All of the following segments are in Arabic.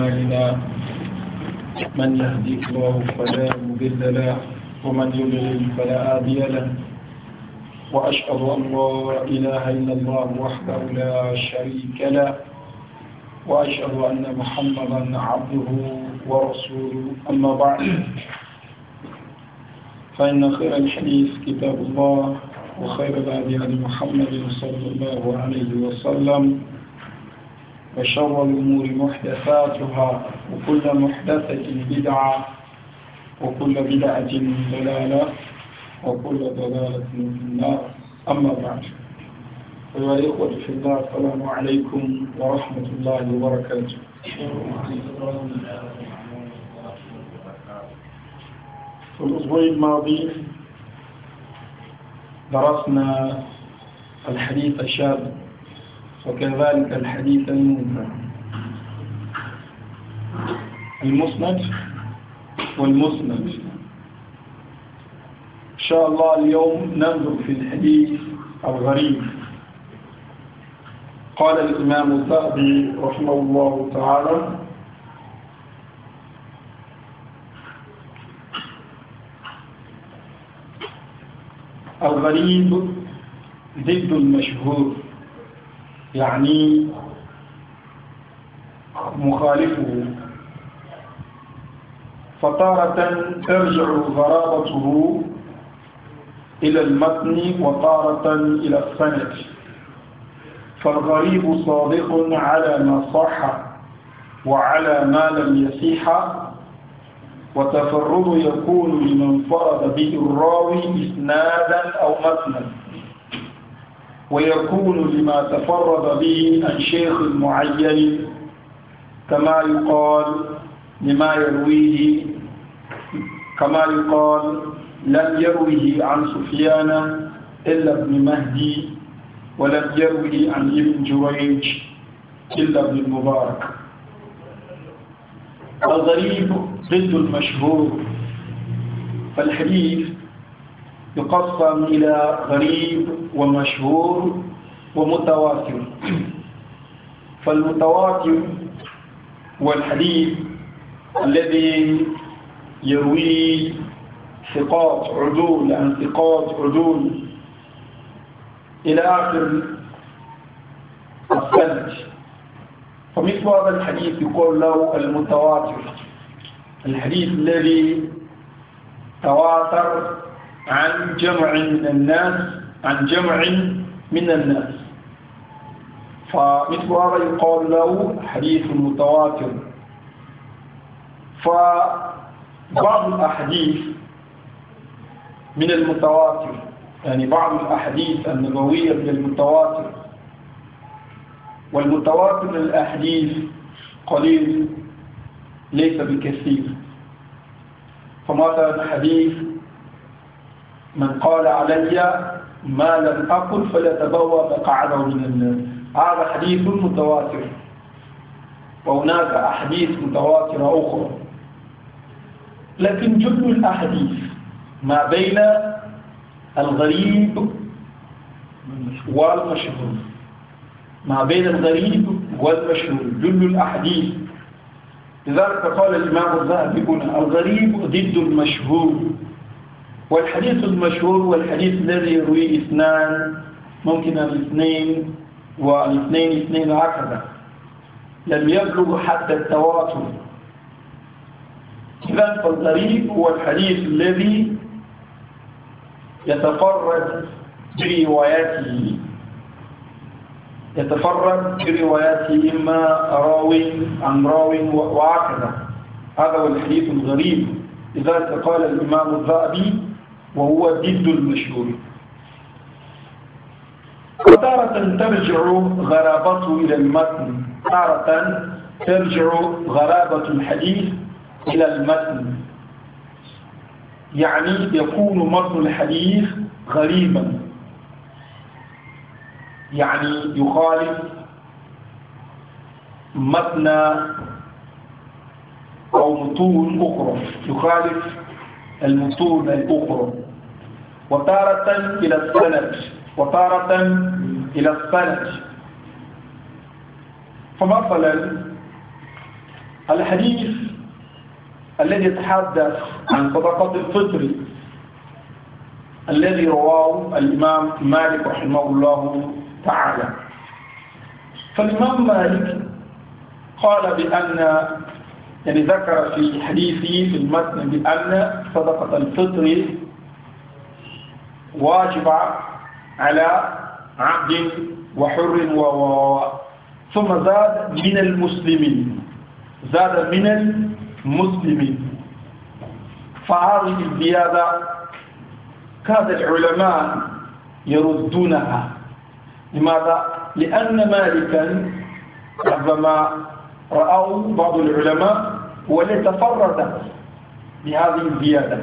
أعمالنا من يهدي الله فلا مضل له ومن يضلل فلا هادي له وأشهد أن لا إله إلا الله وحده لا شريك له وأشهد أن محمدا عبده ورسوله أما بعد فإن خير الحديث كتاب الله وخير الهدي محمد صلى الله عليه وسلم وشر الأمور محدثاتها وكل محدثة بدعة وكل بدعة ضلالة وكل ضلالة في النار أما بعد أيها الإخوة في الله السلام عليكم ورحمة الله وبركاته في الأسبوع الماضي درسنا الحديث الشاذ وكذلك الحديث المنكر المسند والمسند إن شاء الله اليوم ننظر في الحديث الغريب قال الإمام الثعبي رحمه الله تعالى الغريب ضد المشهور يعني مخالفه فطارة ترجع غرابته إلى المتن وطارة إلى السند فالغريب صادق على ما صح وعلى ما لم يصح وتفرد يكون لمن فرد به الراوي إسنادا أو متنا ويكون لما تفرد به عن شيخ معين كما يقال لما يرويه كما يقال لم يروه عن سفيان إلا ابن مهدي ولم يروه عن ابن جريج إلا ابن المبارك الغريب ضد المشهور فالحديث يقسم إلى غريب ومشهور ومتواتر فالمتواتر هو الحديث الذي يرويه ثقات عدول عن ثقات عدول إلى آخر الثلج فمثل هذا الحديث يقول له المتواتر الحديث الذي تواتر عن جمع من الناس عن جمع من الناس فمثل هذا يقال له حديث متواتر فبعض الأحاديث من المتواتر يعني بعض الأحاديث النبوية من المتواتر والمتواتر من الأحاديث قليل ليس بكثير فمثلا حديث من قال علي ما لم أقل فليتبوأ مقعده من النار هذا حديث متواتر وهناك أحاديث متواترة أخرى لكن جد الأحاديث ما بين الغريب والمشهور ما بين الغريب والمشهور جل الأحاديث لذلك قال الإمام الذهبي هنا الغريب ضد المشهور والحديث المشهور والحديث الذي يرويه اثنان ممكن الاثنين والاثنين اثنين عقبة لم يبلغ حتى التواتر إذا فالغريب هو الحديث الذي يتفرد برواياته يتفرد برواياته إما راو عن راو وهكذا هذا هو الحديث الغريب لذلك قال الإمام الذهبي وهو ضد المشهور وتارة ترجع غرابته إلى المتن تارة ترجع غرابة الحديث إلى المتن يعني يكون متن الحديث غريبا يعني يخالف متن أو متون أخرى يخالف المتون الأخرى وتارة إلى السند وتارة إلى السند فمثلا الحديث الذي يتحدث عن صدقة الفطر الذي رواه الإمام مالك رحمه الله تعالى فالإمام مالك قال بأن يعني ذكر في حديثه في المتن بأن صدقة الفطر واجبة على عبد وحر و ثم زاد من المسلمين زاد من المسلمين فهذه الزيادة كاد العلماء يردونها لماذا؟ لأن مالكا ربما رأوا بعض العلماء هو تفرد بهذه الزيادة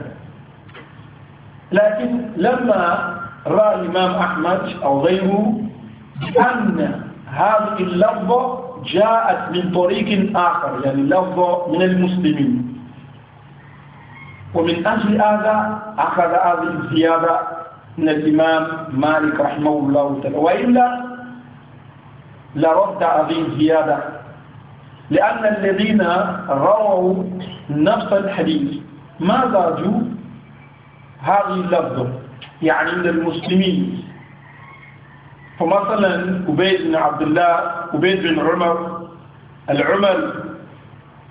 لكن لما رأى الإمام أحمد أو غيره بأن هذه اللفظة جاءت من طريق آخر يعني لفظة من المسلمين ومن أجل هذا أخذ هذه الزيادة من الإمام مالك رحمه الله تعالى وإلا لرد هذه الزيادة لأن الذين رووا نفس الحديث ما زادوا هذه اللفظة يعني من المسلمين فمثلا أبيد بن عبد الله أبيد بن عمر العمل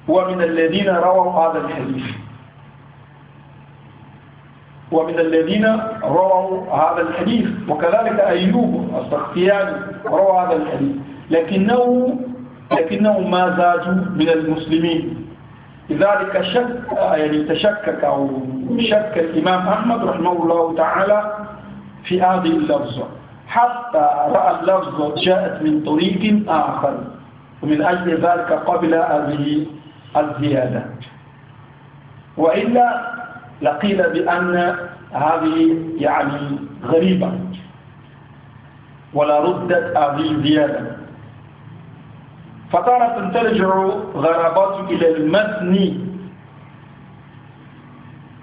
من الذين رووا هذا الحديث ومن الذين رووا هذا الحديث وكذلك أيوب السختياني روى هذا الحديث لكنه لكنهم ما زادوا من المسلمين لذلك شك يعني تشكك أو شك الإمام أحمد رحمه الله تعالى في هذه اللفظة حتى رأى اللفظة جاءت من طريق آخر ومن أجل ذلك قبل هذه الزيادة وإلا لقيل بأن هذه يعني غريبة ولا ردت هذه الزيادة فتارة ترجع غرابات إلى المتن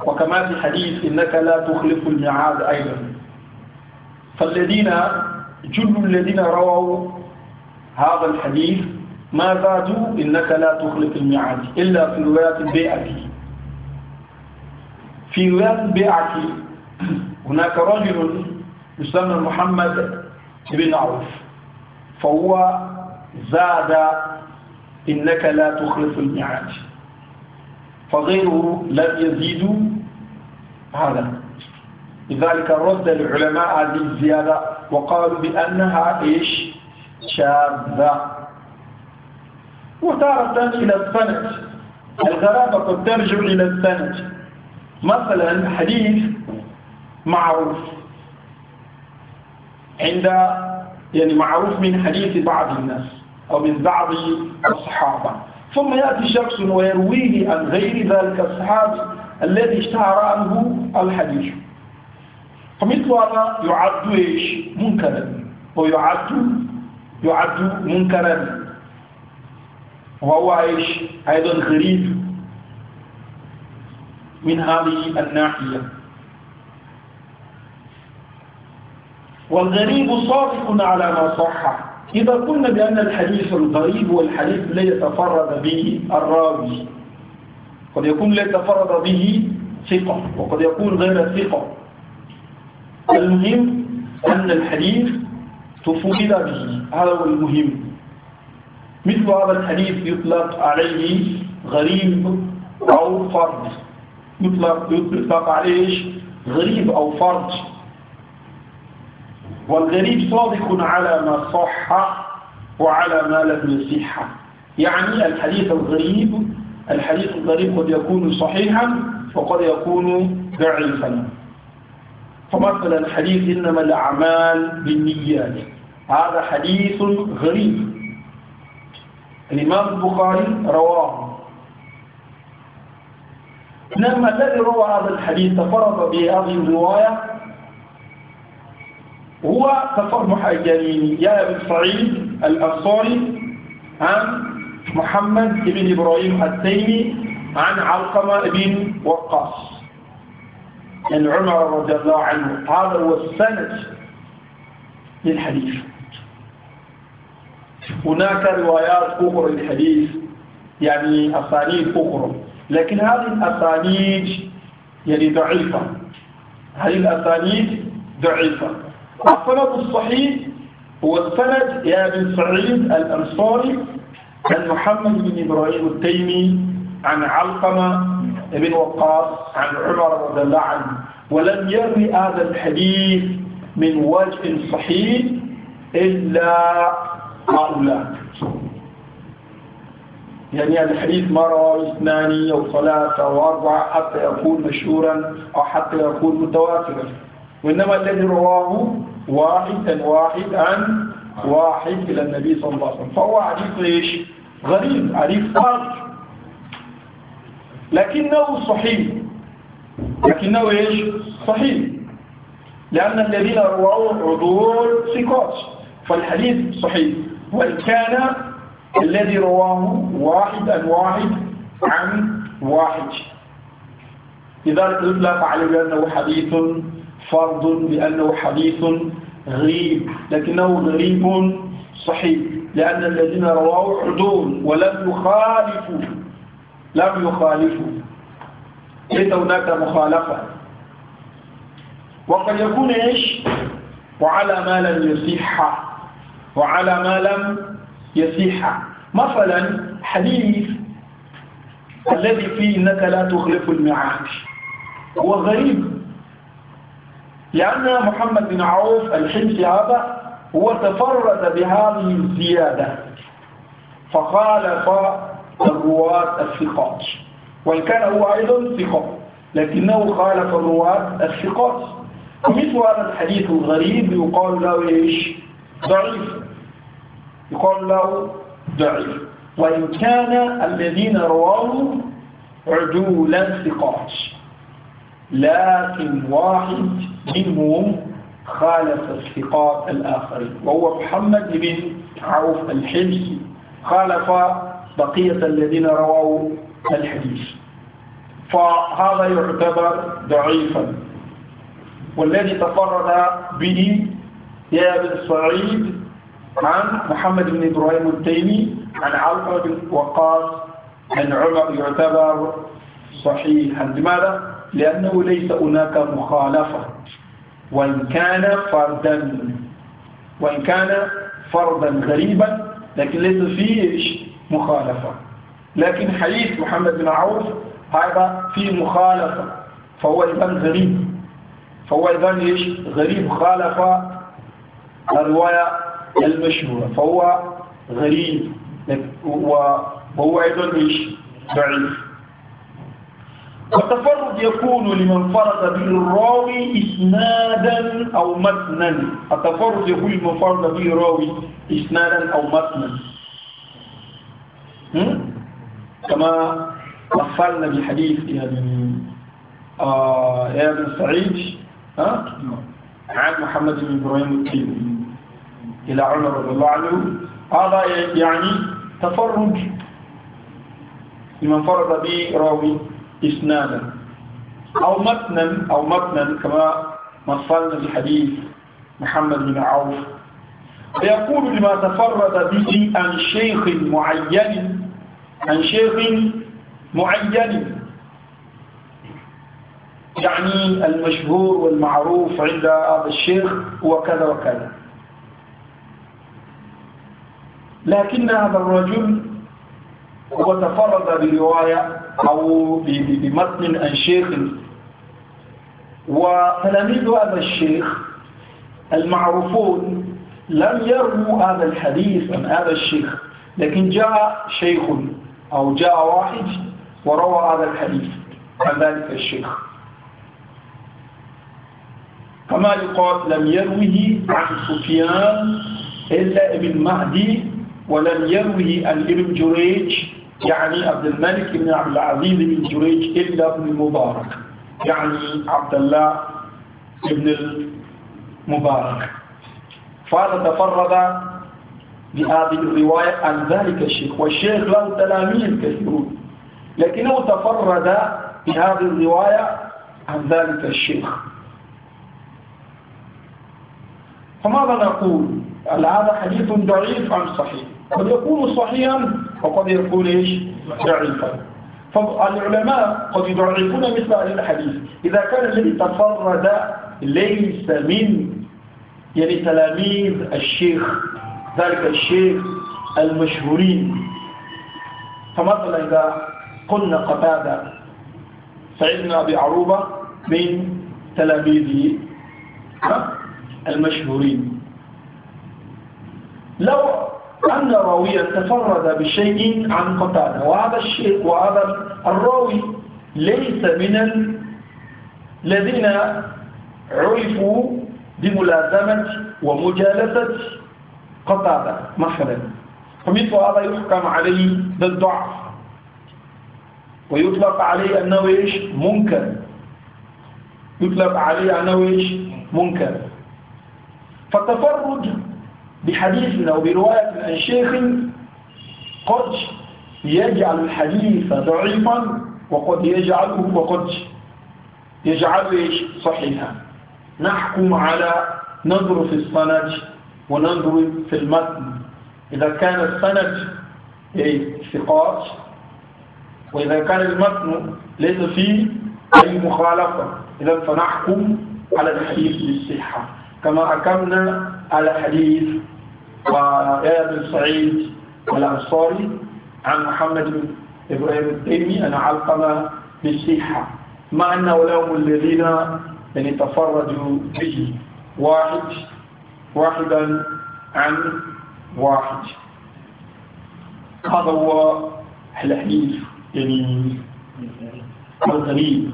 وكما في حديث إنك لا تخلف الميعاد أيضا فالذين جل الذين رووا هذا الحديث ما زادوا إنك لا تخلف الميعاد إلا في رواية البيعة في رواية البيعة هناك رجل يسمى محمد بن عوف فهو زاد إنك لا تخلف الميعاد فغيره لم يزيد هذا لذلك رد العلماء هذه الزيادة وقالوا بأنها إيش شاذة وتارة إلى السند الغرابة قد ترجع إلى السند مثلا حديث معروف عند يعني معروف من حديث بعض الناس أو من بعض الصحابة ثم يأتي شخص ويرويه عن غير ذلك الصحابي الذي اشتهر عنه الحديث فمثل هذا يعد ايش منكرا ويعد يعد منكرا وهو ايش ايضا غريب من هذه الناحية والغريب صادق على ما صح إذا قلنا بأن الحديث الغريب هو الحديث لا يتفرد به الراوي قد يكون لا يتفرد به ثقة وقد يكون غير ثقة المهم أن الحديث تفرد به هذا هو المهم مثل هذا الحديث يطلق عليه غريب أو فرد يطلق, يطلق عليه غريب أو فرد والغريب صادق على ما صح وعلى ما لم يصح يعني الحديث الغريب الحديث الغريب قد يكون صحيحا وقد يكون ضعيفا فمثلا حديث إنما الأعمال بالنيات هذا حديث غريب الإمام البخاري رواه لما الذي روى هذا الحديث تفرد بهذه الرواية هو تصرح يا ابن سعيد الأنصاري عن محمد بن إبراهيم التيمي عن علقمة بن وقاص عن يعني عمر رضي الله عنه هذا هو السند للحديث هناك روايات أخرى للحديث يعني أسانيد أخرى لكن هذه الأسانيد يعني ضعيفة هذه الأسانيد ضعيفة السند الصحيح هو السند يا بن سعيد الأنصاري عن محمد بن إبراهيم التيمي عن علقمة بن وقاص عن عمر رضي الله عنه ولم يروي هذا الحديث من وجه صحيح إلا هؤلاء يعني الحديث ما رواه اثنان أو ثلاثة أو أربعة حتى يكون مشهورا أو حتى يكون متواترا وإنما الذي رواه واحد واحد عن واحد إلى النبي صلى الله عليه وسلم فهو عريف إيش غريب عريف فرق لكنه صحيح لكنه إيش صحيح لأن الذين رواه عدول ثقات فالحديث صحيح وإن كان الذي رواه واحد عن واحد عن واحد لذلك لا تعلم أنه حديث فرض لأنه حديث غريب لكنه غريب صحيح لأن الذين رواه حدود ولم يخالفوا لم يخالفوا ليس هناك مخالفة وقد يكون إيش وعلى ما لم يصح وعلى ما لم يصح مثلا حديث الذي فيه إنك لا تخلف الميعاد هو غريب لأن محمد بن عوف الحمصي هذا هو تفرد بهذه الزيادة فخالف الرواة الثقات وإن كان هو أيضا ثقة لكنه خالف الرواة الثقات ومثل هذا الحديث الغريب يقال له إيش ضعيف يقال له ضعيف وإن كان الذين رواه عدولا ثقات لكن واحد منهم خالف الثقات الآخرين وهو محمد بن عوف الحمصي خالف بقية الذين رووا الحديث فهذا يعتبر ضعيفا والذي تفرد به يا بن سعيد عن محمد بن إبراهيم التيمي عن علقمة بن وقاص عن عمر يعتبر صحيحا لماذا؟ لأنه ليس هناك مخالفة وإن كان فردا وإن كان فردا غريبا لكن ليس فيه مخالفة لكن حديث محمد بن عوف هذا فيه مخالفة فهو إذا غريب فهو إذا إيش غريب خالف الرواية المشهورة فهو غريب وهو أيضا إيش ضعيف والتفرد يكون لمن فرد به الراوي إسنادا أو متنا التفرد يكون لمن فرد به الراوي إسنادا أو متنا كما وصلنا بحديث يعني آه يا ابن سعيد ها عن محمد بن إبراهيم إلى عمر رضي الله عنه هذا يعني تفرد لمن فرد به راوي إسنادا أو متنا أو متنا كما مثلنا الحديث محمد بن عوف فيقول لما تفرد به عن شيخ معين عن شيخ معين يعني المشهور والمعروف عند هذا الشيخ هو كذا وكذا لكن هذا الرجل وتفرد برواية أو بمتن عن شيخ وتلاميذ هذا الشيخ المعروفون لم يروا هذا الحديث عن هذا الشيخ لكن جاء شيخ أو جاء واحد وروى هذا الحديث عن ذلك الشيخ كما يقال لم يروه عن سفيان إلا ابن مهدي ولم يروه عن ابن جريج يعني عبد الملك بن عبد العزيز بن جريج إلا بن المبارك يعني عبد الله بن المبارك فهذا تفرد بهذه الرواية عن ذلك الشيخ والشيخ له تلاميذ كثيرون لكنه تفرد بهذه الرواية عن ذلك الشيخ فماذا نقول؟ هل هذا حديث ضعيف أم صحيح؟ قد يكون صحيحا وقد يكون إيش ضعيفا فالعلماء قد يضعفون مثل هذا الحديث إذا كان الذي تفرد ليس من يعني تلاميذ الشيخ ذلك الشيخ المشهورين فمثلا إذا قلنا قتادة سيدنا أبي عروبة من تلاميذه المشهورين لو أن راوية تفرد بشيء عن قتادة وهذا الشيء وهذا الراوي ليس من الذين عرفوا بملازمة ومجالسة قتادة مثلا فمثل هذا يحكم عليه بالضعف ويطلق عليه أنه إيش منكر يطلق عليه أنه إيش منكر فالتفرد بحديث أو برواية عن شيخ قد يجعل الحديث ضعيفا وقد يجعله وقد يجعله إيش صحيحا نحكم على ننظر في السند وننظر في المتن إذا كان السند إيه؟ ثقات وإذا كان المتن ليس فيه أي مخالفة إذا فنحكم على الحديث بالصحة كما حكمنا على حديث ويا بن سعيد الأنصاري عن محمد بن إبراهيم التيمي أن علقم بالسيحة مع أنه لهم الذين يعني تفردوا به واحد واحدا عن واحد هذا هو الحديث يعني الغريب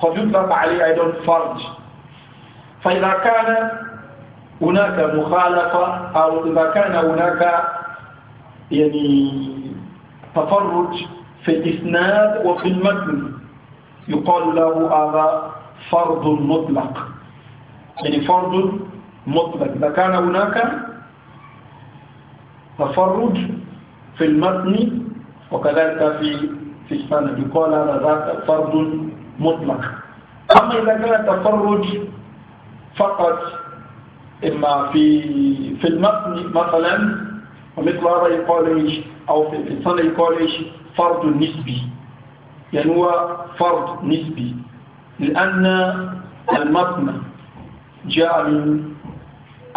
قد يطلق عليه أيضا فرج فإذا كان هناك مخالفة أو إذا كان هناك يعني تفرج في الإسناد وفي المتن يقال له هذا فرض مطلق يعني فرض مطلق إذا كان هناك تفرج في المتن وكذلك في في السند يقال هذا فرض مطلق أما إذا كان تفرج فقط إما في في المبني مثلا ومثل هذا يقال أو في الإنسان يقال إيش نسبي يعني هو فرض نسبي لأن المبنى جاء من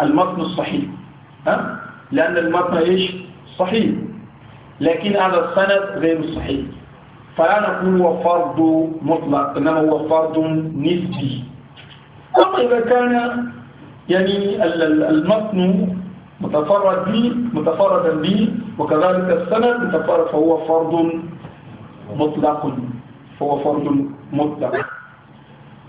المبنى الصحيح ها؟ لأن المبنى إيش صحيح لكن هذا السند غير صحيح فلا نقول هو فرض مطلق إنما هو فرض نسبي أما إذا كان يعني المتن متفرد به متفردا به وكذلك السند متفرد فهو فرض مطلق فهو فرض مطلق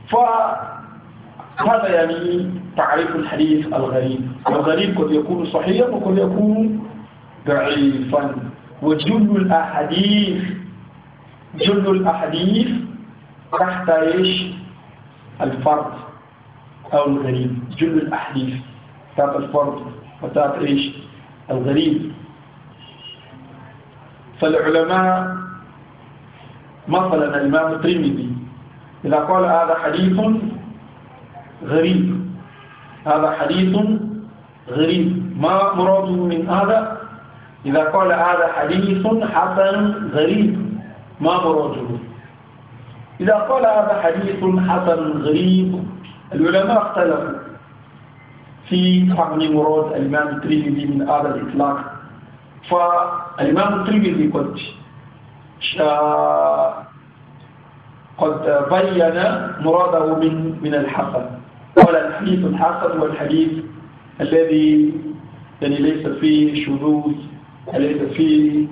فهذا يعني تعريف الحديث الغريب والغريب قد يكون صحيحا وقد يكون ضعيفا وجل الأحاديث جل الأحاديث تحت ايش الفرد أو الغريب جل الأحليف بتاعت الفرد بتاعت إيش الغريب فالعلماء مثلا الإمام الترمذي إذا قال هذا حديث غريب هذا حديث غريب ما مراده من هذا إذا قال هذا حديث حسن غريب ما مراده إذا قال هذا حديث حسن غريب العلماء اختلفوا في فهم مراد الإمام الترمذي من هذا الإطلاق فالإمام الترمذي قد آه، قد بين مراده من من الحسن قال الحديث الحسن والحديث الذي يعني ليس فيه شذوذ ليس فيه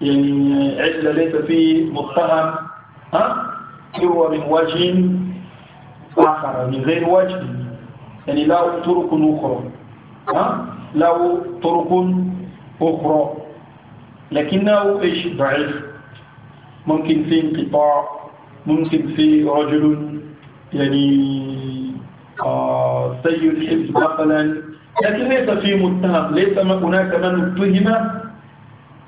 يعني علة ليس فيه متهم ها يروى من وجه من غير وجه يعني له طرق أخرى ها له طرق أخرى لكنه إيش ضعيف ممكن في انقطاع ممكن في رجل يعني آه سيء الحفظ مثلا لكن ليس في متهم ليس هناك من اتهم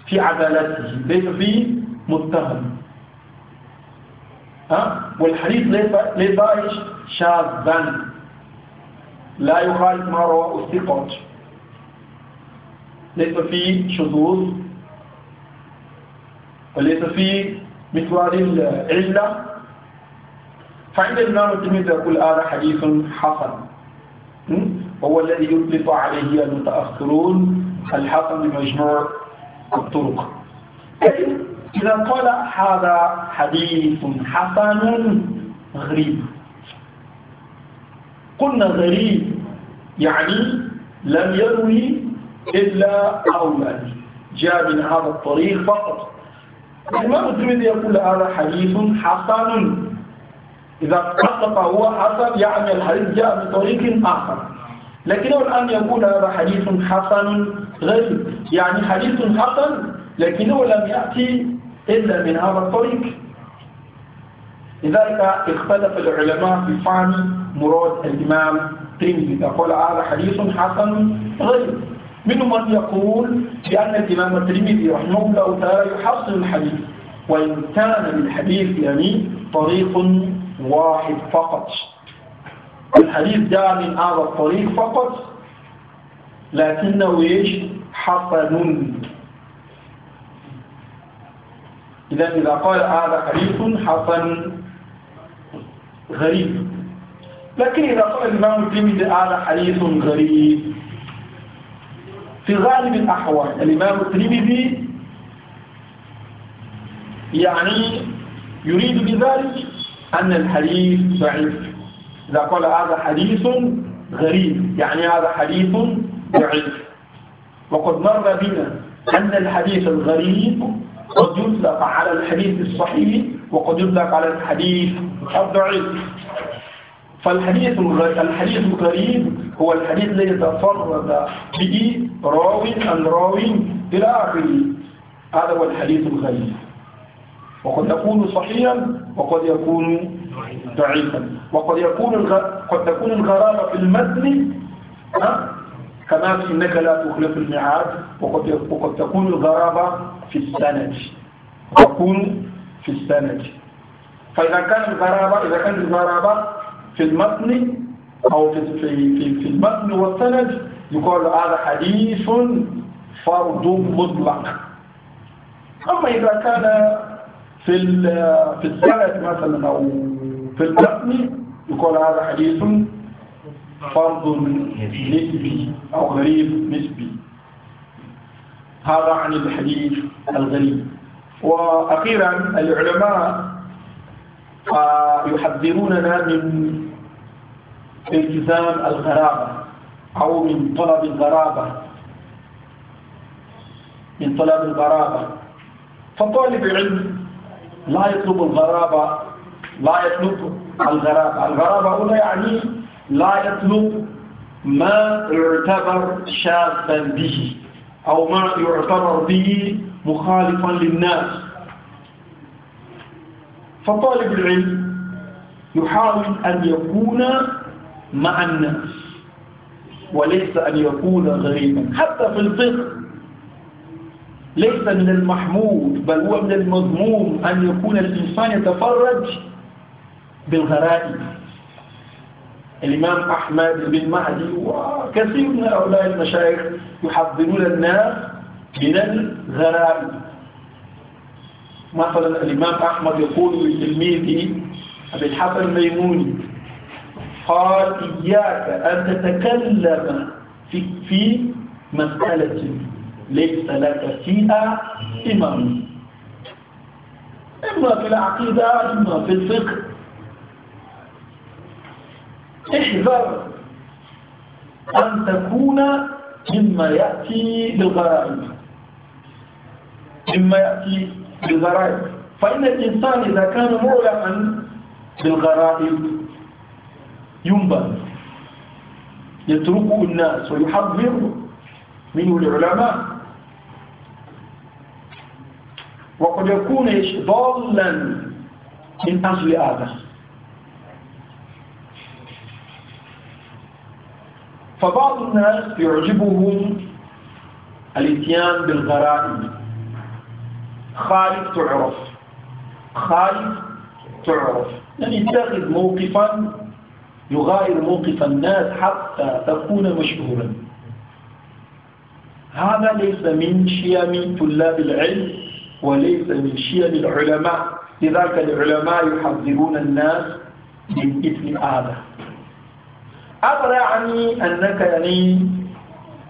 في عدالته ليس في متهم ها والحديث ليس شاذا لا يخالف ما رواه الثقات ليس فيه شذوذ وليس فيه مثل هذه العلة فعند الإمام الترمذي يقول هذا حديث حسن وهو الذي يطلق عليه المتأخرون الحسن بمجموع الطرق طيب. إذا قال هذا حديث حسن غريب قلنا غريب يعني لم يروي إلا أولاً جاء من هذا الطريق فقط الإمام الترمذي يقول هذا حديث حسن إذا اطلق هو حسن يعني الحديث جاء بطريق آخر لكنه الآن يقول هذا حديث حسن غريب يعني حديث حسن لكنه لم يأتي إلا من هذا الطريق لذلك اختلف العلماء في فهم مراد الإمام تيمي فقال هذا حديث حسن غريب منهم من يقول بأن الإمام الترمذي رحمه الله تعالى يحصل الحديث وإن كان للحديث يعني طريق واحد فقط الحديث جاء من هذا الطريق فقط لكنه ايش حسن إذا إذا قال هذا حديث حسن غريب لكن إذا قال الإمام الترمذي هذا حديث غريب في غالب الأحوال الإمام الترمذي يعني يريد بذلك أن الحديث ضعيف إذا قال هذا حديث غريب يعني هذا حديث ضعيف وقد مر بنا أن الحديث الغريب قد يطلق على الحديث الصحيح وقد يطلق على الحديث الضعيف فالحديث الحديث الغريب هو الحديث الذي تفرد به راوي عن راوي إلى آخره هذا هو الحديث الغريب وقد يكون صحيحا وقد يكون ضعيفا وقد يكون الغ... قد تكون الغرابة في المتن كما إنك لا تخلف الميعاد وقد تكون الغرابة في السند تكون في السند فإذا كان الغرابة إذا كان الغرابة في المتن أو في في في, في المتن والسند يقال هذا حديث فرض مطلق أما إذا كان في في السند مثلا أو في المتن يقال هذا حديث فرض نسبي أو غريب نسبي هذا عن الحديث الغريب وأخيرا العلماء آه، يحذروننا من التزام الغرابة أو من طلب الغرابة من طلب الغرابة فطالب العلم لا يطلب الغرابة لا يطلب الغرابة الغرابة هنا يعني لا يطلب ما يعتبر شاذا به أو ما يعتبر به مخالفا للناس فطالب العلم يحاول أن يكون مع الناس وليس أن يكون غريبا حتى في الفقه ليس من المحمود بل هو من المضموم أن يكون الإنسان يتفرج بالغرائب الإمام أحمد بن مهدي وكثير من هؤلاء المشايخ يحضرون الناس من الغرائب مثلا الإمام أحمد يقول لتلميذه أبي الحسن الميموني قال إياك أن تتكلم في, في مسألة ليس لك فيها إمام إما في العقيدة إما في الفقه احذر أن تكون مما يأتي للغرائب مما يأتي للغرائب فإن الإنسان إذا كان معلما بالغرائب ينبذ يتركه الناس ويحذر منه العلماء وقد يكون ضالا من أجل هذا فبعض الناس يعجبهم الاتيان بالغرائب خالف تعرف خالف تعرف يعني يتخذ موقفا يغاير موقف الناس حتى تكون مشهورا هذا ليس من شيم طلاب العلم وليس من شيم العلماء لذلك العلماء يحذرون الناس من إثم هذا أبرى عني أنك يعني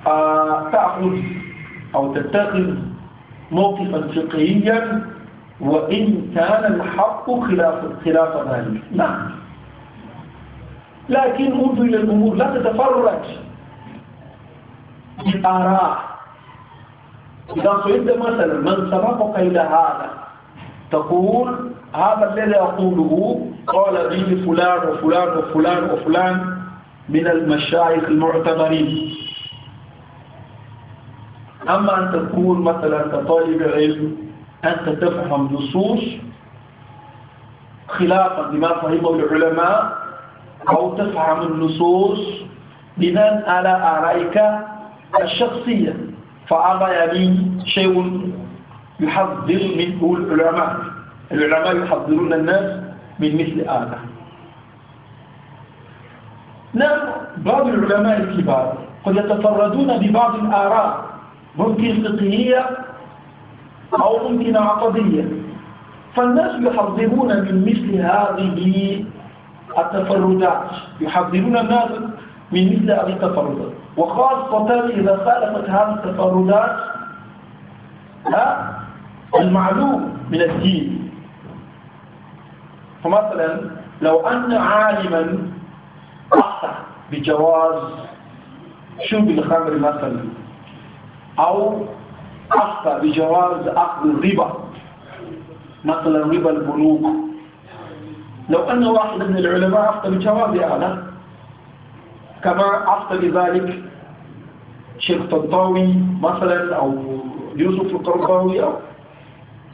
آه، تأخذ أو تتخذ موقفا فقهيا وإن كان الحق خلاف خلاف ذلك نعم لكن انظر إلى الأمور لا تتفرج بالآراء إذا سئلت مثلا من سبقك إلى هذا تقول هذا الذي أقوله قال به فلان وفلان وفلان وفلان من المشايخ المعتبرين أما أن تكون مثلا كطالب علم أنت تفهم نصوص خلافا لما فهمه العلماء أو تفهم النصوص بناء على آرائك الشخصية فهذا يعني شيء يحذر منه العلماء العلماء يحذرون الناس من مثل هذا نعم بعض العلماء الكبار قد يتفردون ببعض الآراء ممكن فقهية أو ممكن عقدية فالناس يحذرون من مثل هذه التفردات يحذرون الناس من مثل هذه التفردات وخاصة إذا خالفت هذه التفردات المعلوم من الدين فمثلا لو أن عالما بجواز شرب الخمر مثلا أو أخطأ بجواز أخذ الربا مثلا ربا البنوك لو أن واحد من العلماء أخطأ بجواز هذا كما أخطأ بذلك شيخ طنطاوي مثلا أو يوسف القرطاوي أو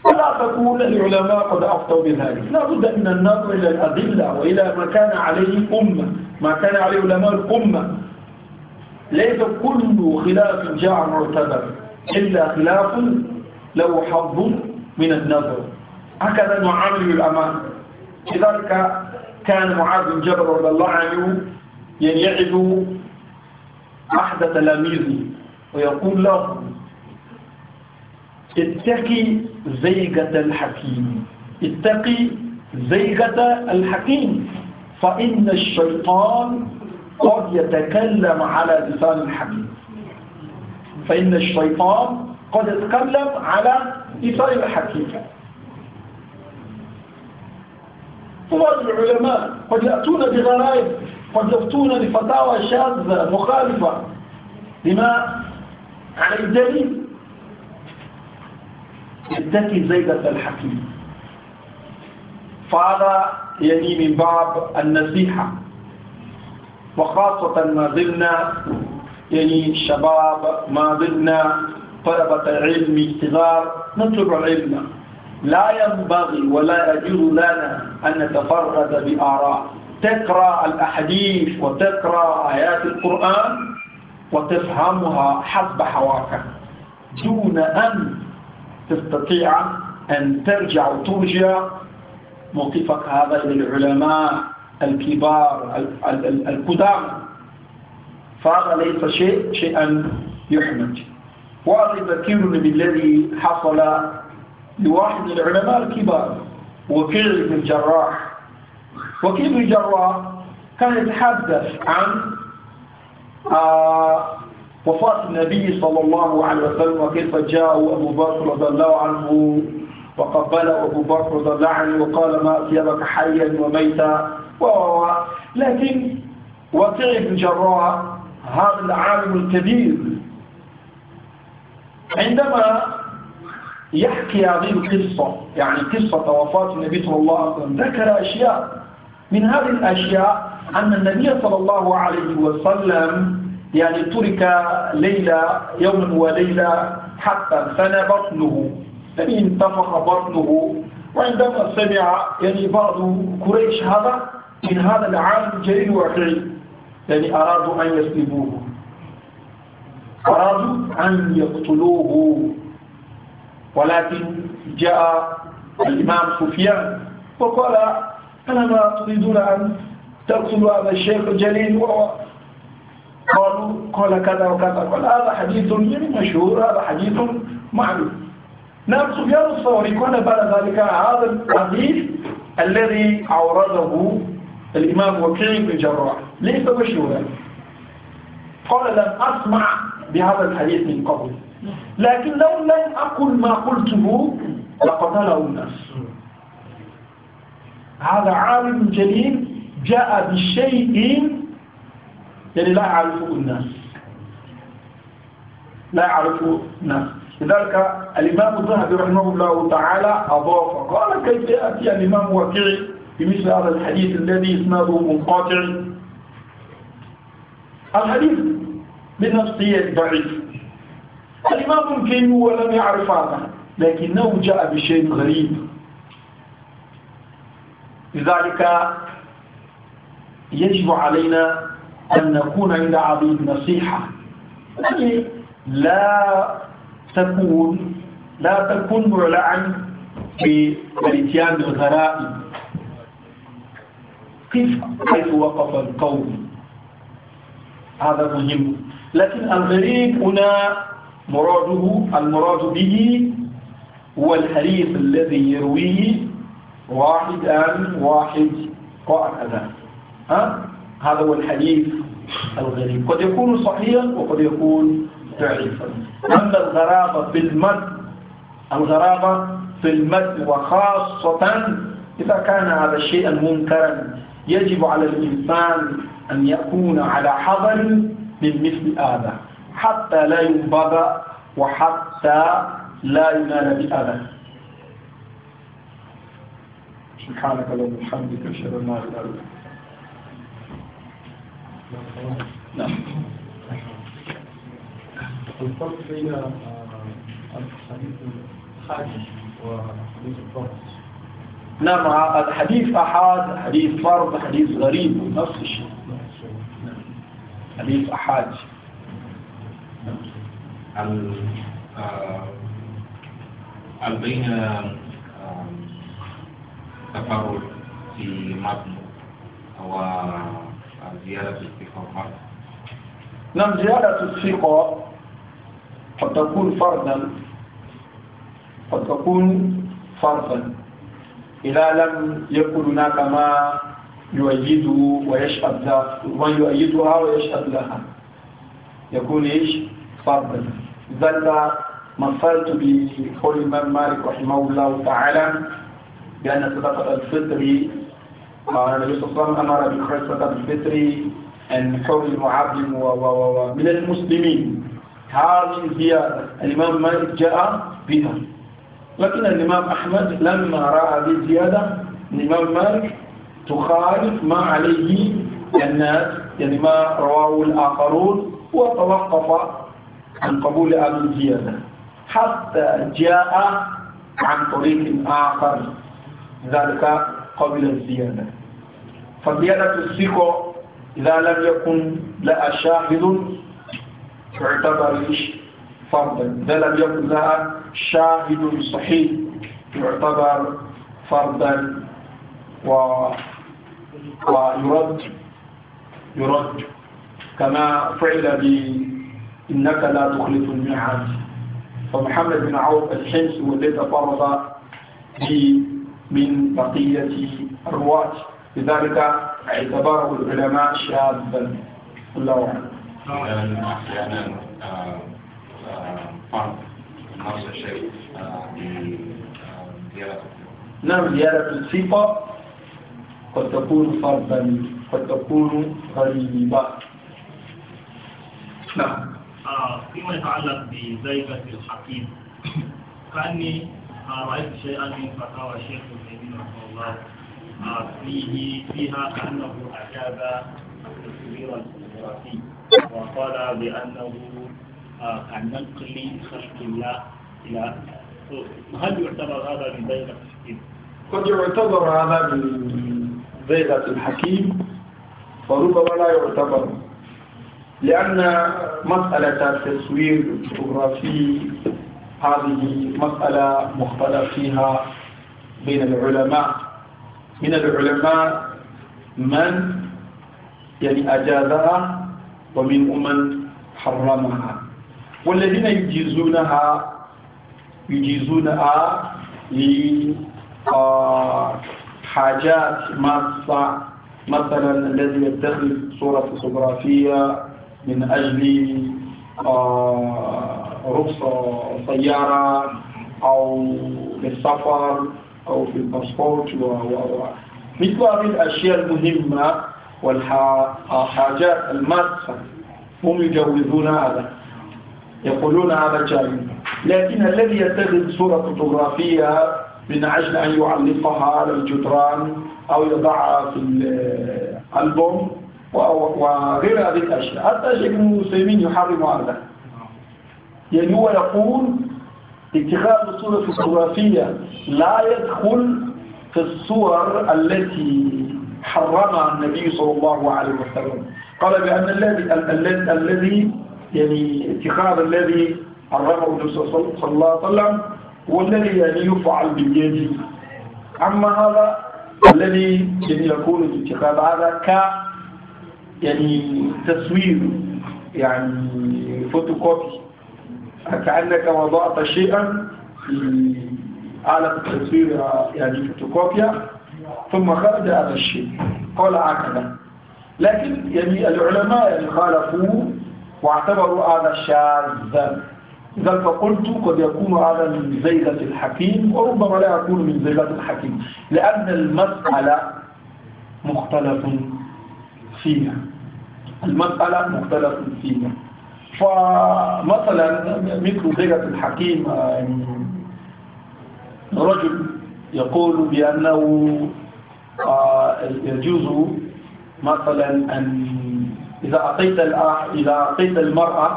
فلا تكون العلماء قد أفتوا بذلك لا بد أن النظر إلى الأدلة وإلى ما كان عليه أمة ما كان عليه علماء الأمة ليس كل خلاف جاء معتبر إلا خلاف له حظ من النظر هكذا نعامل الأمان لذلك كان معاذ بن جبل رضي الله عنه يعد أحد تلاميذه ويقول له اتقي زيغة الحكيم اتقي زيغة الحكيم فإن الشيطان قد يتكلم على لسان الحبيب فإن الشيطان قد يتكلم على لسان الحبيب طبعا العلماء قد يأتون بغرائب قد يفتون بفتاوى شاذة مخالفة لما على الدليل اتكي زيدة الحكيم فهذا يعني من باب النصيحة وخاصة ما زلنا يعني شباب ما زلنا طلبة العلم صغار نطلب العلم لا ينبغي ولا يجوز لنا أن نتفرد بآراء تقرأ الأحاديث وتقرأ آيات القرآن وتفهمها حسب حواك دون أن تستطيع أن ترجع وترجع موقفك هذا للعلماء الكبار القدامى فهذا ليس شيء شيئا يحمد وهذا يذكرني بالذي حصل لواحد العلماء الكبار وكيل بن الجراح وكيل بن الجراح كان يتحدث عن آه، وفاة النبي صلى الله عليه وسلم وكيف جاءه أبو بكر رضي الله عنه وقبله أبو بكر رضي الله عنه وقال ما أطيبك حيا وميتا و لكن وقيع بن جراح هذا العالم الكبير عندما يحكي هذه القصة يعني قصة وفاة النبي صلى الله عليه وسلم ذكر أشياء من هذه الأشياء أن النبي صلى الله عليه وسلم يعني ترك ليلة يوما وليلة حتى فنى بطنه فإن طفق بطنه وعندما سمع يعني بعض قريش هذا من هذا العالم الجليل وعقيل يعني أرادوا أن يسلبوه أرادوا أن يقتلوه ولكن جاء الإمام سفيان وقال أنا ما تريدون أن تقتلوا هذا الشيخ الجليل وهو قالوا قال كذا وكذا قال هذا حديث يعني مشهور هذا حديث معروف نعم سفيان الثوري كنا بعد ذلك هذا الحديث الذي عورده الإمام وكيع بن جراح ليس مشهورا قال لم أسمع بهذا الحديث من قبل لكن لو لم أقل ما قلته لقتله الناس هذا عالم جليل جاء بشيء يعني لا يعرفه الناس لا يعرفه الناس لذلك الإمام الذهبي رحمه الله تعالى أضاف قال كيف يأتي الإمام وكيع بمثل هذا الحديث الذي إسناده منقطع الحديث بنفسه ضعيف الإمام ممكن ولم يعرف هذا لكنه جاء بشيء غريب لذلك يجب علينا أن نكون عند هذه النصيحة يعني لا تكون لا تكون في بالاتيان بالغرائب قف حيث وقف القوم هذا مهم لكن الغريب هنا مراده المراد به هو الحديث الذي يرويه واحد آن واحد وهكذا ها هذا هو الحديث الغريب قد يكون صحيحا وقد يكون تعرفا أما الغرابة في المد الغرابة في المد وخاصة إذا كان هذا الشيء منكرا يجب على الإنسان أن يكون على حذر من مثل هذا حتى لا ينبغى وحتى لا ينال بأذى سبحانك اللهم وبحمدك أشهد أن لا إله إلا أنت نعم الفرق بين آه، الحديث الحاج وحديث الفرد نعم آه، الحديث أحاد حديث فرد حديث غريب نفس الشيء حديث أحاد هل آه، بين تفرد في و زيادة الثقة نعم زيادة الثقة قد تكون فردا قد تكون فردا إذا لم يكن هناك ما يؤيده ويشهد لها من يؤيدها ويشهد لها يكون ايش؟ فردا ذل مثلت بقول الإمام مالك رحمه الله تعالى بأن صدقة الفطر آه، النبي صلى الله عليه وسلم أمر بإخراج صدقة الفطر عن كون المعظم ومن المسلمين هذه هي الإمام مالك جاء بها لكن الإمام أحمد لما رأى هذه الزيادة الإمام مالك تخالف ما عليه الناس يعني ما رواه الآخرون وتوقف عن قبول هذه الزيادة حتى جاء عن طريق آخر ذلك قبل الزيادة فزيادة الثقة إذا لم يكن لها شاهد تعتبر إيش فردا إذا لم يكن لها شاهد صحيح يعتبر فردا و ويرد يرد كما فعل ب إنك لا تخلف الميعاد فمحمد بن عوف الحمص هو الذي تفرد من بقية الرواة لذلك اعتبره العلماء شاذا الله أعلم آه، آه، آه، نعم زيادة الصفة قد تكون فرضا قد تكون غريبة نعم فيما يتعلق بزيغة الحكيم كأني رأيت شيئا من فتاوى الشيخ ابن رحمه الله فيه فيها أنه أجاب التصوير الديمقراطي وقال بأنه آه، نقل خلق الله إلى آه، هل يعتبر هذا من بيغة الحكيم؟ قد يعتبر هذا من بيغة الحكيم وربما لا يعتبر لأن مسألة التصوير الجغرافي هذه مسألة مختلف فيها بين العلماء من العلماء من يعني أجازها ومن من حرمها والذين يجيزونها يجيزونها لحاجات ماسة مثلا الذي يتخذ صورة فوتوغرافية من أجل آه، رخصة سيارة أو للسفر أو في الباسبور مثل هذه الأشياء المهمة والحاجات الماسخة هم يجوزون هذا يقولون هذا جائز لكن الذي يتخذ صورة فوتوغرافية من أجل أن يعلقها على الجدران أو يضعها في الألبوم وغير هذه الأشياء حتى شيخ المسلمين يحرم هذا يعني هو يقول اتخاذ صورة فوتوغرافية لا يدخل في الصور التي حرمها النبي صلى الله عليه وسلم قال بأن الذي الذي يعني اتخاذ الذي حرمه النبي صلى الله عليه وسلم هو الذي يعني يفعل باليد أما هذا الذي يعني يكون الاتخاذ هذا ك يعني تصوير يعني فوتوكوبي كأنك وضعت شيئا في آلة التصوير يعني فوتوكوبيا ثم خرج هذا الشيء قال هكذا لكن يعني العلماء يعني خالفوه واعتبروا هذا شاذا إذا فقلت قد يكون هذا من زيغة الحكيم وربما لا يكون من زيغة الحكيم لأن المسألة مختلف فيها المسألة مختلف فيها فمثلا مثل زيغة الحكيم يعني رجل يقول بأنه آه، يجوز مثلا أن إذا أعطيت إذا أعطيت المرأة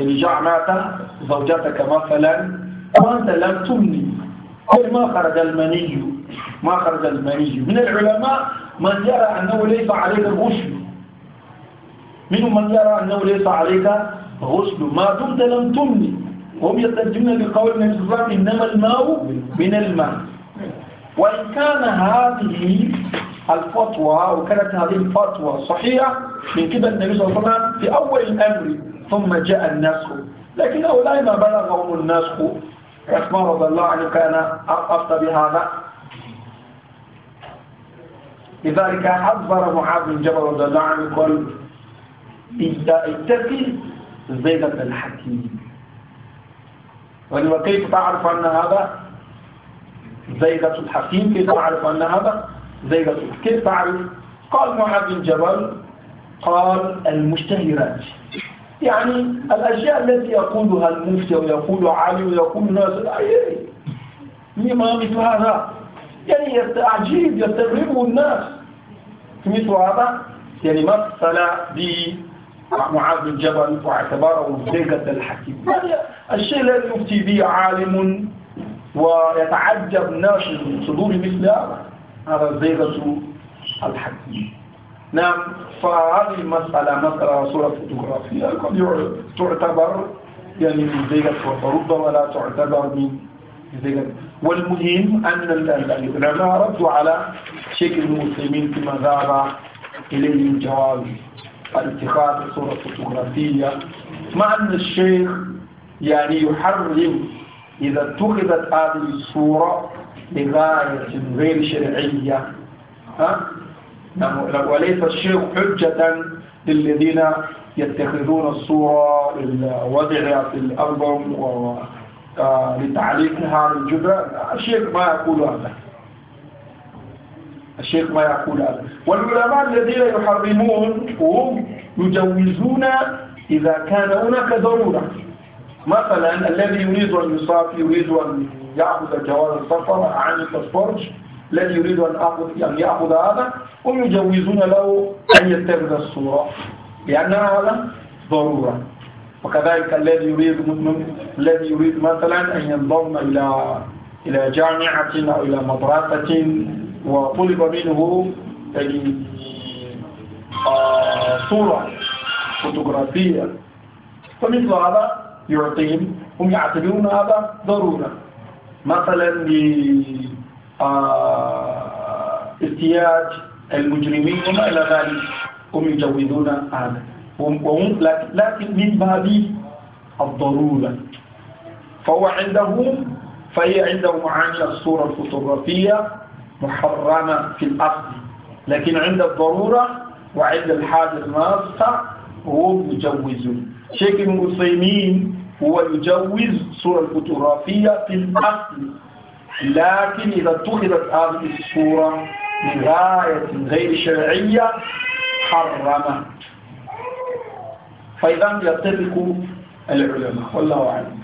لجعمته يعني زوجتك مثلا وأنت لم تمني ما خرج المني ما خرج المني من العلماء من يرى أنه ليس عليك الغسل منهم من يرى أنه ليس عليك غسل ما دمت لم تمني وهم يترجمون بقول النبي صلى الله عليه وسلم إنما الماء من الماء وإن كان هذه الفتوى وكانت هذه الفتوى صحيحة من قبل النبي صلى الله عليه وسلم في أول الأمر ثم جاء النسخ لكن هؤلاء ما بلغهم النسخ عثمان رضي الله عنه كان أفتى بهذا لذلك حذر معاذ بن جبل رضي الله عنه قال اتقي زيد بن الحكيم وكيف تعرف أن هذا زيغة الحكيم كيف أعرف أن هذا زيغة كيف أعرف قال معاذ بن جبل قال المشتهرات يعني الأشياء التي يقولها المفتي ويقول علي ويقول ناس لما مثل هذا يعني عجيب يستغربه الناس مثل هذا يعني مثل معاذ بن جبل واعتبره زيغة الحكيم يعني الشيء الذي يفتي به عالم ويتعجب الناس من صدور مثل هذا الزيغة الحكيم نعم فهذه المسألة مسألة صورة فوتوغرافية قد تعتبر يعني من زيغة ربما لا تعتبر من زيغة والمهم أن العلماء ردوا على شكل المسلمين فيما ذهب إليه من جواز اتخاذ الصورة الفوتوغرافية مع أن الشيخ يعني يحرم إذا اتخذت هذه الصورة لغاية غير شرعية ها؟ نعم، وليس الشيخ حجة للذين يتخذون الصورة لوضعها في الألبوم آه، هذا الجدران الشيخ ما يقول هذا الشيخ ما يقول هذا والعلماء الذين يحرمون هم يجوزون إذا كان هناك ضرورة مثلا الذي يريد أن يصافي يريد أن يأخذ جواز السفر عن الباسبورج الذي يريد أن أخذ أن يعني يأخذ هذا هم يجوزون له أن يتخذ الصورة لأن هذا ضرورة وكذلك الذي يريد الذي يريد مثلا أن ينضم إلى إلى جامعة أو إلى مدرسة وطلب منه يعني صورة فوتوغرافية فمثل هذا يعطيهم هم يعتبرون هذا ضرورة مثلا لاستياج آه، المجرمين وما إلى ذلك هم يجوزون هذا وهم لكن من باب الضرورة فهو عندهم فهي عندهم عاملة الصورة الفوتوغرافية محرمة في الأصل لكن عند الضرورة وعند الحاجة الماسة هم يجوزون شيخ المسلمين هو يجوز صورة الفوتوغرافية في الأصل لكن إذا اتخذت هذه الصورة لغاية غير شرعية حرمة فإذا يتفق العلماء والله أعلم